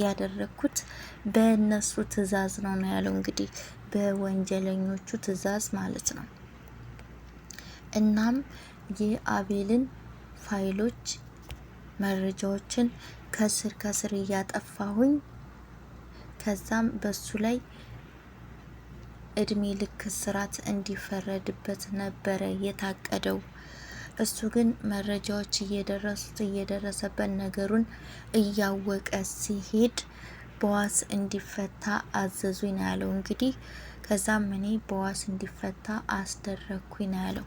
ያደረግኩት በእነሱ ትዕዛዝ ነው ነው ያለው እንግዲህ በወንጀለኞቹ ትዕዛዝ ማለት ነው። እናም የአቤልን ፋይሎች መረጃዎችን ከስር ከስር እያጠፋሁኝ ከዛም በሱ ላይ እድሜ ልክ ስራት እንዲፈረድበት ነበረ የታቀደው። እሱ ግን መረጃዎች እየደረሱት እየደረሰበት ነገሩን እያወቀ ሲሄድ በዋስ እንዲፈታ አዘዙኝ ነው ያለው። እንግዲህ ከዛም እኔ በዋስ እንዲፈታ አስደረግኩኝ ነው ያለው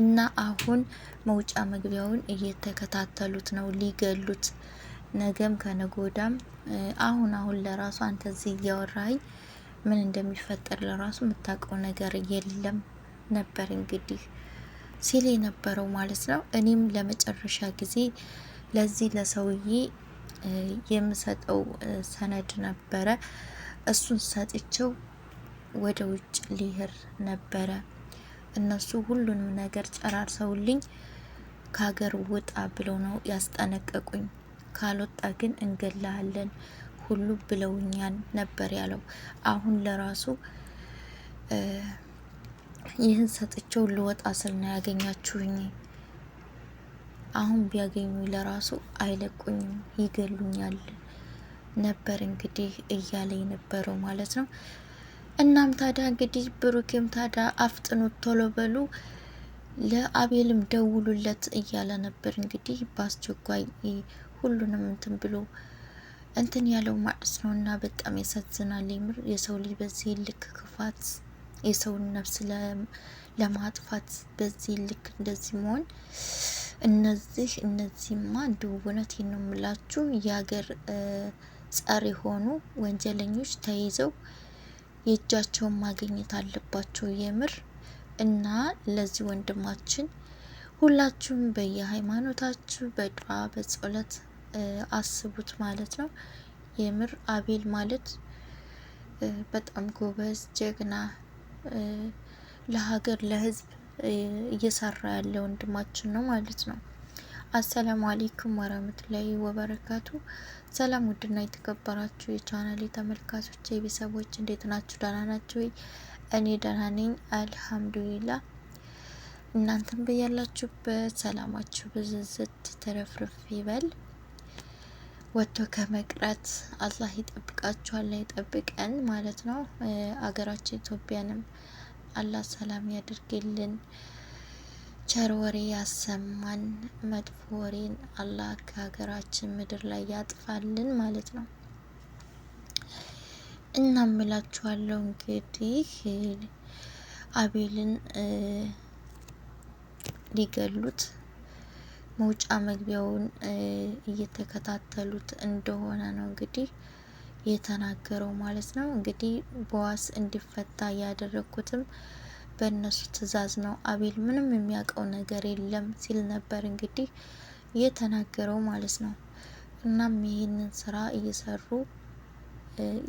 እና አሁን መውጫ መግቢያውን እየተከታተሉት ነው ሊገሉት ነገም ከነጎዳም አሁን አሁን ለራሱ አንተ እዚህ እያወራኝ ምን እንደሚፈጠር ለራሱ የምታውቀው ነገር የለም ነበር እንግዲህ ሲል የነበረው ማለት ነው። እኔም ለመጨረሻ ጊዜ ለዚህ ለሰውዬ የምሰጠው ሰነድ ነበረ። እሱን ሰጥቼው ወደ ውጭ ሊሄድ ነበረ። እነሱ ሁሉንም ነገር ጨራርሰውልኝ ከሀገር ውጣ ብለው ነው ያስጠነቀቁኝ። ካልወጣ ግን እንገላሃለን ሁሉ ብለውኛል ነበር ያለው። አሁን ለራሱ ይህን ሰጥቼው ልወጣ ስል ነው ያገኛችሁኝ። አሁን ቢያገኙ ለራሱ አይለቁኝም፣ ይገሉኛል ነበር እንግዲህ እያለ የነበረው ማለት ነው። እናም ታዲያ እንግዲህ ብሩኬም ታዲያ አፍጥኑት፣ ቶሎ በሉ ለአቤልም ደውሉለት እያለ ነበር እንግዲህ በአስቸኳይ ሁሉንም እንትን ብሎ እንትን ያለው ማለት ነው። እና በጣም ያሳዝናል የምር የሰው ልጅ በዚህ ልክ ክፋት የሰውን ነፍስ ለማጥፋት በዚህ ልክ እንደዚህ መሆን እነዚህ እነዚህማ እንዲሁ እውነቴን ነው የምላችሁ የሀገር ጸር የሆኑ ወንጀለኞች ተይዘው የእጃቸውን ማግኘት አለባቸው የምር እና ለዚህ ወንድማችን ሁላችሁም በየሃይማኖታችሁ በዱዓ በጸሎት አስቡት ማለት ነው። የምር አቤል ማለት በጣም ጎበዝ ጀግና ለሀገር ለህዝብ እየሰራ ያለ ወንድማችን ነው ማለት ነው። አሰላሙ አሌይኩም ወራህመቱላሂ ወበረካቱ። ሰላም ውድና የተከበራችሁ የቻናሌ ተመልካቾች የቤተሰቦች እንዴት ናችሁ? ደህና ናችሁ ወይ? እኔ ደህና ነኝ አልሐምዱሊላ። እናንተም በያላችሁበት ሰላማችሁ ብዝዝት ተረፍርፍ ይበል። ወጥቶ ከመቅረት አላህ ይጠብቃችኋል ይጠብቀን ማለት ነው። አገራችን ኢትዮጵያንም አላህ ሰላም ያድርግልን፣ ቸር ወሬ ያሰማን፣ መጥፎ ወሬን አላህ ከሀገራችን ምድር ላይ ያጥፋልን ማለት ነው። እናም እላችኋለሁ እንግዲህ አቤልን ሊገሉት መውጫ መግቢያውን እየተከታተሉት እንደሆነ ነው እንግዲህ የተናገረው ማለት ነው። እንግዲህ በዋስ እንዲፈታ ያደረኩትም በእነሱ ትዕዛዝ ነው። አቤል ምንም የሚያውቀው ነገር የለም ሲል ነበር እንግዲህ የተናገረው ማለት ነው። እናም ይህንን ስራ እየሰሩ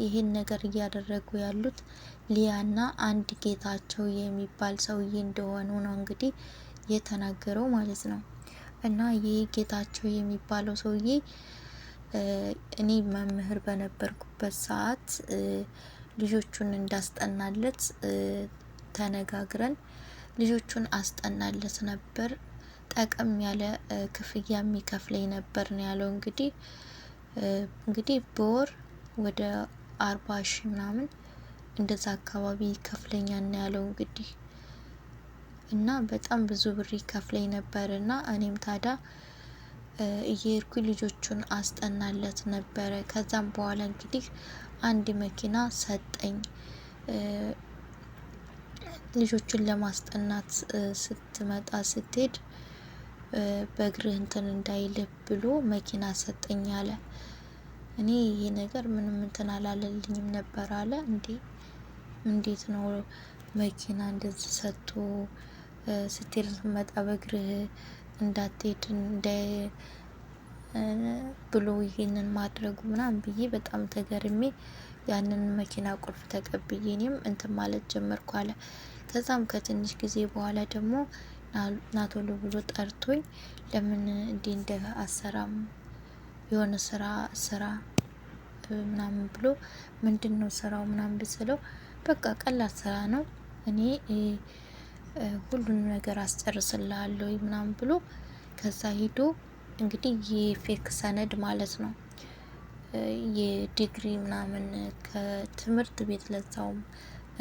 ይህን ነገር እያደረጉ ያሉት ሊያና አንድ ጌታቸው የሚባል ሰውዬ እንደሆኑ ነው እንግዲህ የተናገረው ማለት ነው። እና ይህ ጌታቸው የሚባለው ሰውዬ እኔ መምህር በነበርኩበት ሰዓት ልጆቹን እንዳስጠናለት ተነጋግረን ልጆቹን አስጠናለት ነበር። ጠቀም ያለ ክፍያ የሚከፍለኝ ነበር ነው ያለው። እንግዲህ እንግዲህ በወር ወደ አርባ ሺ ምናምን እንደዛ አካባቢ ይከፍለኛል ነው ያለው እንግዲህ እና በጣም ብዙ ብር ይከፍለኝ ነበር እና እኔም ታዲያ እየሄድኩ ልጆቹን አስጠናለት ነበረ። ከዛም በኋላ እንግዲህ አንድ መኪና ሰጠኝ። ልጆቹን ለማስጠናት ስትመጣ ስትሄድ በእግርህ እንትን እንዳይልህ ብሎ መኪና ሰጠኝ አለ። እኔ ይሄ ነገር ምንም እንትን አላለልኝም ነበር አለ። እንዴ እንዴት ነው መኪና እንደዚህ ሰጥቶ ስትሄድ ስትመጣ በእግርህ እንዳትሄድ እንደ ብሎ ይህንን ማድረጉ ምናምን ብዬ በጣም ተገርሜ ያንን መኪና ቁልፍ ተቀብዬ እኔም እንትን ማለት ጀመርኩ አለ። ከዛም ከትንሽ ጊዜ በኋላ ደግሞ ናቶሎ ብሎ ጠርቶኝ ለምን እንዲህ እንደ አሰራም የሆነ ስራ ስራ ምናምን ብሎ ምንድን ነው ስራው ምናምን ብስለው፣ በቃ ቀላል ስራ ነው እኔ ሁሉንም ነገር አስጨርስልሃለሁ ምናምን ብሎ ከዛ ሂዶ እንግዲህ የፌክ ሰነድ ማለት ነው የዲግሪ ምናምን ከትምህርት ቤት ለዛውም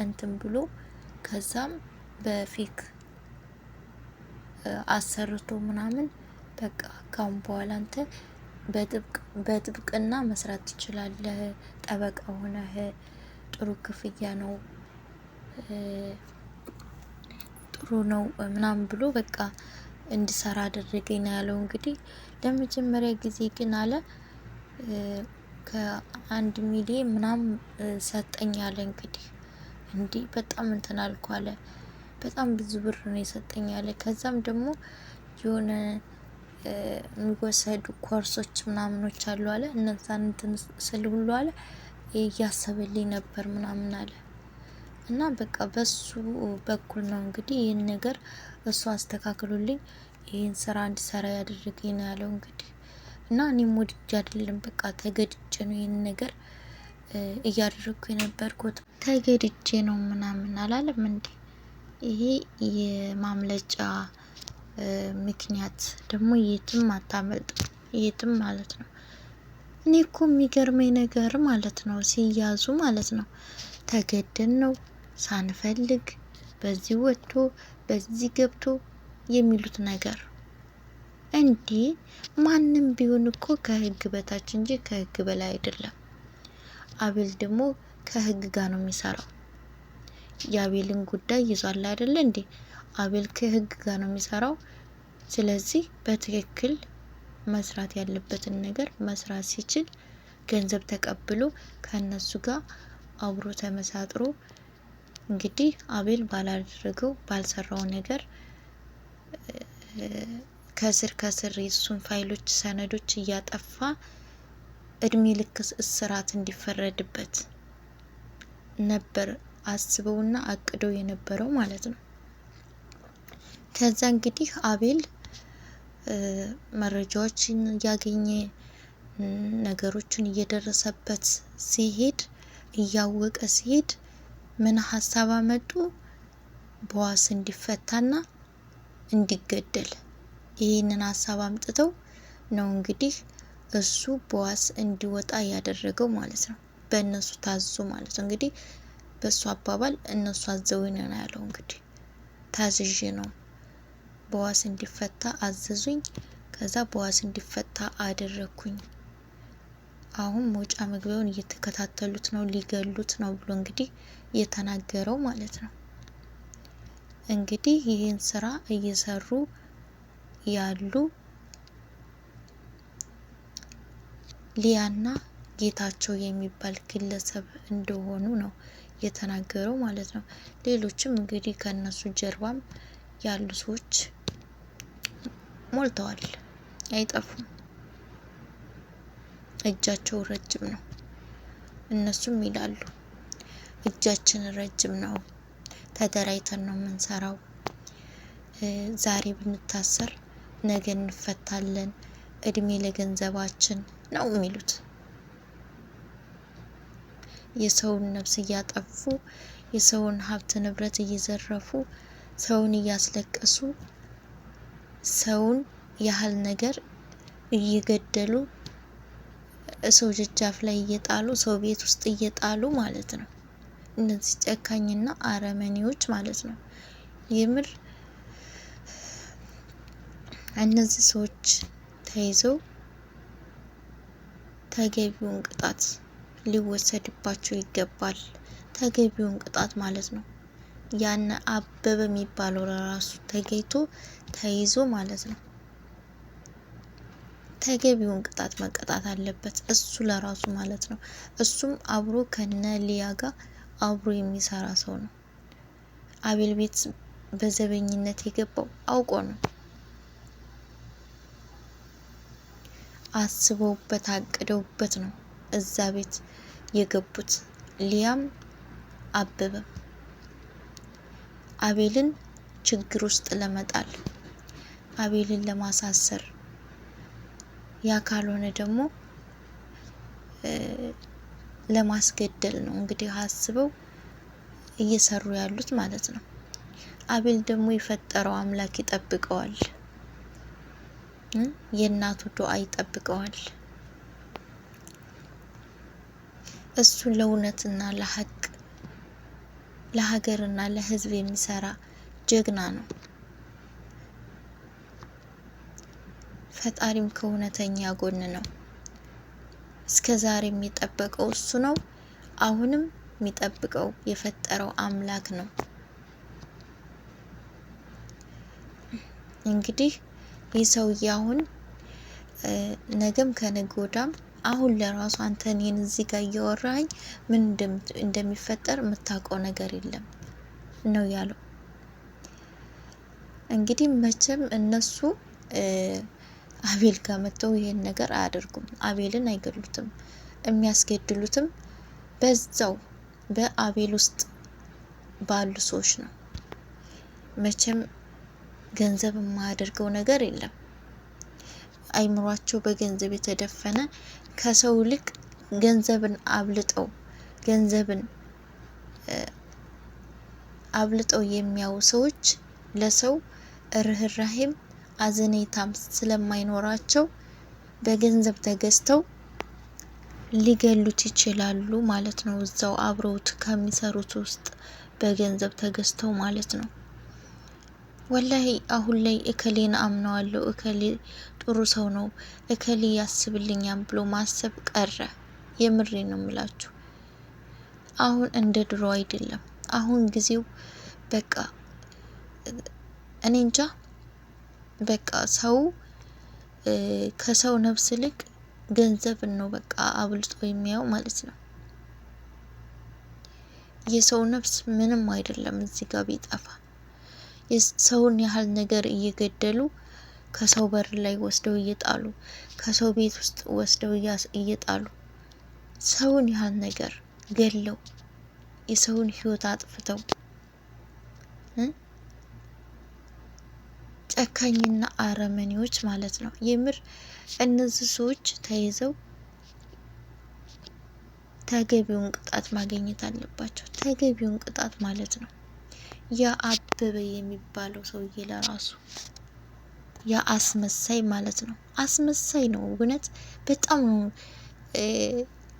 እንትን ብሎ ከዛም በፌክ አሰርቶ ምናምን በቃ ካሁን በኋላ አንተ በጥብቅና መስራት ትችላለህ፣ ጠበቃ ሆነህ ጥሩ ክፍያ ነው ጥሩ ነው ምናምን ብሎ በቃ እንድሰራ አደረገኝ ነው ያለው። እንግዲህ ለመጀመሪያ ጊዜ ግን አለ ከአንድ ሚሊዮን ምናምን ሰጠኝ አለ። እንግዲህ እንዲህ በጣም እንትን አልኩ አለ። በጣም ብዙ ብር ነው የሰጠኝ አለ። ከዛም ደግሞ የሆነ የሚወሰዱ ኮርሶች ምናምኖች አሉ አለ። እነዛን እንትን ስል ሁሉ አለ እያሰበልኝ ነበር ምናምን አለ። እና በቃ በሱ በኩል ነው እንግዲህ ይህን ነገር እሱ አስተካክሉልኝ ይህን ስራ እንድሰራ ያደረገኝ ነው ያለው እንግዲህ እና እኔም ወድጄ አይደለም በቃ ተገድጄ ነው ይህን ነገር እያደረግኩ የነበርኩት ተገድጄ ነው ምናምን አላለም እንዴ ይሄ የማምለጫ ምክንያት ደግሞ የትም አታመልጥ የትም ማለት ነው እኔ እኮ የሚገርመኝ ነገር ማለት ነው ሲያዙ ማለት ነው ተገደን ነው ሳንፈልግ በዚህ ወጥቶ በዚህ ገብቶ የሚሉት ነገር እንዴ! ማንም ቢሆን እኮ ከህግ በታች እንጂ ከህግ በላይ አይደለም። አቤል ደግሞ ከህግ ጋር ነው የሚሰራው። የአቤልን ጉዳይ ይዟል አይደለ እንዴ? አቤል ከህግ ጋር ነው የሚሰራው። ስለዚህ በትክክል መስራት ያለበትን ነገር መስራት ሲችል ገንዘብ ተቀብሎ ከእነሱ ጋር አብሮ ተመሳጥሮ እንግዲህ አቤል ባላደረገው ባልሰራው ነገር ከስር ከስር የሱን ፋይሎች፣ ሰነዶች እያጠፋ እድሜ ልክ እስራት እንዲፈረድበት ነበር አስበውና አቅደው የነበረው ማለት ነው። ከዛ እንግዲህ አቤል መረጃዎችን እያገኘ ነገሮችን እየደረሰበት ሲሄድ እያወቀ ሲሄድ ምን ሀሳብ አመጡ? በዋስ እንዲፈታና እንዲገደል ይህንን ሀሳብ አምጥተው ነው እንግዲህ እሱ በዋስ እንዲወጣ ያደረገው ማለት ነው። በእነሱ ታዞ ማለት ነው እንግዲህ በእሱ አባባል እነሱ አዘውኝ ነው ያለው። እንግዲህ ታዝዤ ነው በዋስ እንዲፈታ አዘዙኝ፣ ከዛ በዋስ እንዲፈታ አደረግኩኝ። አሁን መውጫ መግቢያውን እየተከታተሉት ነው፣ ሊገሉት ነው ብሎ እንግዲህ የተናገረው ማለት ነው። እንግዲህ ይህን ስራ እየሰሩ ያሉ ሊያና ጌታቸው የሚባል ግለሰብ እንደሆኑ ነው የተናገረው ማለት ነው። ሌሎችም እንግዲህ ከነሱ ጀርባም ያሉ ሰዎች ሞልተዋል፣ አይጠፉም። እጃቸው ረጅም ነው። እነሱም ይላሉ እጃችን ረጅም ነው፣ ተደራጅተን ነው የምንሰራው። ዛሬ ብንታሰር ነገ እንፈታለን፣ እድሜ ለገንዘባችን ነው የሚሉት። የሰውን ነፍስ እያጠፉ የሰውን ሀብት ንብረት እየዘረፉ ሰውን እያስለቀሱ ሰውን ያህል ነገር እየገደሉ ሰው ደጃፍ ላይ እየጣሉ ሰው ቤት ውስጥ እየጣሉ ማለት ነው። እነዚህ ጨካኝና አረመኔዎች ማለት ነው። የምር እነዚህ ሰዎች ተይዘው ተገቢውን ቅጣት ሊወሰድባቸው ይገባል። ተገቢውን ቅጣት ማለት ነው። ያነ አበበ የሚባለው ለራሱ ተገኝቶ ተይዞ ማለት ነው ተገቢውን ቅጣት መቀጣት አለበት። እሱ ለራሱ ማለት ነው። እሱም አብሮ ከነ ሊያ ጋር አብሮ የሚሰራ ሰው ነው። አቤል ቤት በዘበኝነት የገባው አውቆ ነው። አስበውበት አቅደውበት ነው እዛ ቤት የገቡት። ሊያም አበበ አቤልን ችግር ውስጥ ለመጣል አቤልን ለማሳሰር ያ ካልሆነ ደግሞ ለማስገደል ነው እንግዲህ አስበው እየሰሩ ያሉት ማለት ነው። አቤል ደግሞ የፈጠረው አምላክ ይጠብቀዋል፣ የእናቱ ዱዓ ይጠብቀዋል። እሱ ለእውነትና ለሀቅ ለሀገርና ለሕዝብ የሚሰራ ጀግና ነው። ፈጣሪም ከእውነተኛ ጎን ነው። እስከ ዛሬ የሚጠበቀው እሱ ነው። አሁንም የሚጠብቀው የፈጠረው አምላክ ነው። እንግዲህ ይህ ሰውዬ አሁን ነገም ከነገ ወዲያም አሁን ለራሱ አንተ እኔን እዚህ ጋር እያወራኝ ምን እንደሚፈጠር የምታውቀው ነገር የለም ነው ያለው። እንግዲህ መቼም እነሱ አቤል ጋር መጥተው ይሄን ነገር አያደርጉም። አቤልን አይገሉትም። የሚያስገድሉትም በዛው በአቤል ውስጥ ባሉ ሰዎች ነው። መቼም ገንዘብ የማያደርገው ነገር የለም። አይምሯቸው በገንዘብ የተደፈነ ከሰው ልክ ገንዘብን አብልጠው ገንዘብን አብልጠው የሚያዩ ሰዎች ለሰው ርህራሄም አዘኔታም ስለማይኖራቸው በገንዘብ ተገዝተው ሊገሉት ይችላሉ ማለት ነው። እዛው አብረውት ከሚሰሩት ውስጥ በገንዘብ ተገዝተው ማለት ነው። ወላሂ አሁን ላይ እከሌን አምነዋለሁ፣ እከሌ ጥሩ ሰው ነው፣ እከሌ ያስብልኛም ብሎ ማሰብ ቀረ። የምሬ ነው የምላችሁ። አሁን እንደ ድሮ አይደለም። አሁን ጊዜው በቃ እኔ እንጃ በቃ ሰው ከሰው ነፍስ ይልቅ ገንዘብ ነው በቃ አብልጦ የሚያው ማለት ነው። የሰው ነፍስ ምንም አይደለም እዚህ ጋር ቢጠፋ። ሰውን ያህል ነገር እየገደሉ ከሰው በር ላይ ወስደው እየጣሉ ከሰው ቤት ውስጥ ወስደው እየጣሉ ሰውን ያህል ነገር ገለው የሰውን ሕይወት አጥፍተው ጨካኝና አረመኔዎች ማለት ነው። የምር እነዚህ ሰዎች ተይዘው ተገቢውን ቅጣት ማግኘት አለባቸው። ተገቢውን ቅጣት ማለት ነው። ያ አበበ የሚባለው ሰውዬ ለራሱ ያ አስመሳይ ማለት ነው። አስመሳይ ነው። እውነት በጣም ነው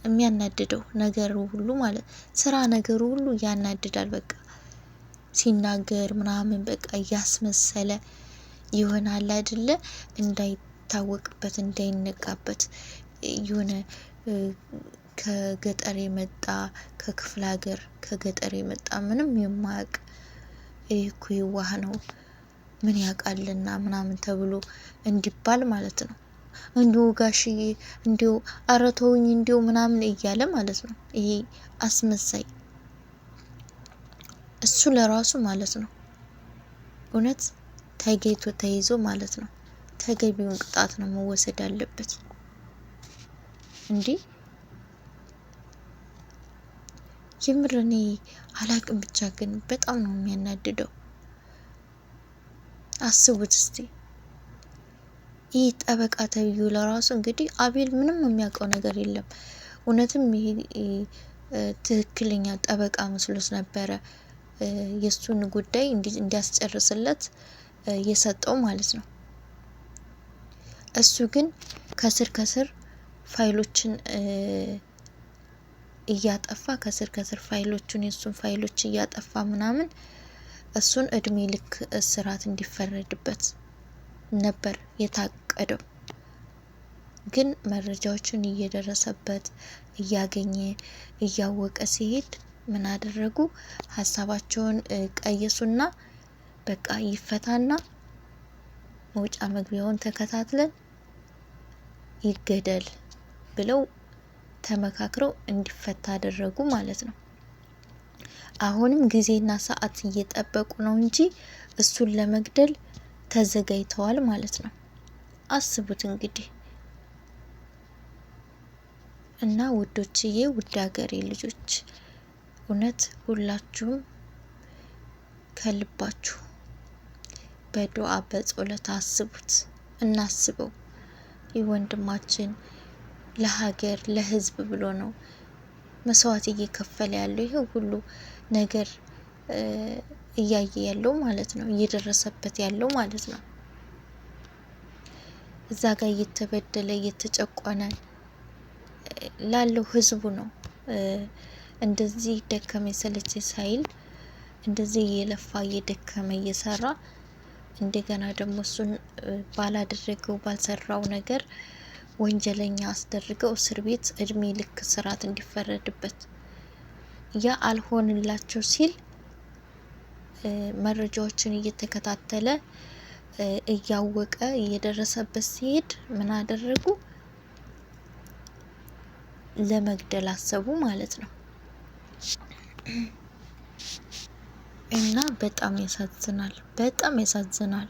የሚያናድደው ነገር ሁሉ ማለት ስራ ነገሩ ሁሉ ያናድዳል። በቃ ሲናገር ምናምን በቃ እያስመሰለ ይሆናል አይደለ እንዳይታወቅበት እንዳይነቃበት የሆነ ከገጠር የመጣ ከክፍለ ሀገር ከገጠር የመጣ ምንም የማያውቅ እኮ የዋህ ነው ምን ያውቃልና ምናምን ተብሎ እንዲባል ማለት ነው። እንዲሁ ጋሽዬ እንዲሁ አረተውኝ እንዲሁ ምናምን እያለ ማለት ነው። ይሄ አስመሳይ እሱ ለራሱ ማለት ነው እውነት ከጌቱ ተይዞ ማለት ነው ተገቢውን ቅጣት ነው መወሰድ ያለበት። እንዲህ የምር እኔ አላቅም፣ ብቻ ግን በጣም ነው የሚያናድደው። አስቡት እስቲ ይህ ጠበቃ ተብዩ ለራሱ እንግዲህ አቤል ምንም የሚያውቀው ነገር የለም። እውነትም ይሄ ትክክለኛ ጠበቃ መስሎት ነበረ የእሱን ጉዳይ እንዲያስጨርስለት የሰጠው ማለት ነው። እሱ ግን ከስር ከስር ፋይሎችን እያጠፋ ከስር ከስር ፋይሎቹን የእሱን ፋይሎች እያጠፋ ምናምን እሱን እድሜ ልክ እስራት እንዲፈረድበት ነበር የታቀደው። ግን መረጃዎችን እየደረሰበት እያገኘ እያወቀ ሲሄድ ምን አደረጉ? ሀሳባቸውን ቀየሱና በቃ ይፈታና መውጫ መግቢያውን ተከታትለን ይገደል ብለው ተመካክረው እንዲፈታ አደረጉ ማለት ነው። አሁንም ጊዜና ሰዓት እየጠበቁ ነው እንጂ እሱን ለመግደል ተዘጋጅተዋል ማለት ነው። አስቡት እንግዲህ እና ውዶችዬ፣ ውድ ሀገሬ ልጆች እውነት ሁላችሁም ከልባችሁ በዱዓ በጸሎት አስቡት፣ እናስበው። ይህ ወንድማችን ለሀገር ለህዝብ ብሎ ነው መስዋዕት እየከፈለ ያለው ይሄ ሁሉ ነገር እያየ ያለው ማለት ነው፣ እየደረሰበት ያለው ማለት ነው። እዛ ጋር እየተበደለ እየተጨቆነ ላለው ህዝቡ ነው። እንደዚህ ደከመ ሰለቸ ሳይል እንደዚህ እየለፋ እየደከመ እየሰራ እንደገና ደግሞ እሱን ባላደረገው ባልሰራው ነገር ወንጀለኛ አስደርገው እስር ቤት እድሜ ልክ ስርዓት እንዲፈረድበት ያ አልሆንላቸው ሲል መረጃዎችን እየተከታተለ እያወቀ እየደረሰበት ሲሄድ ምን አደረጉ? ለመግደል አሰቡ ማለት ነው። እና በጣም ያሳዝናል። በጣም ያሳዝናል።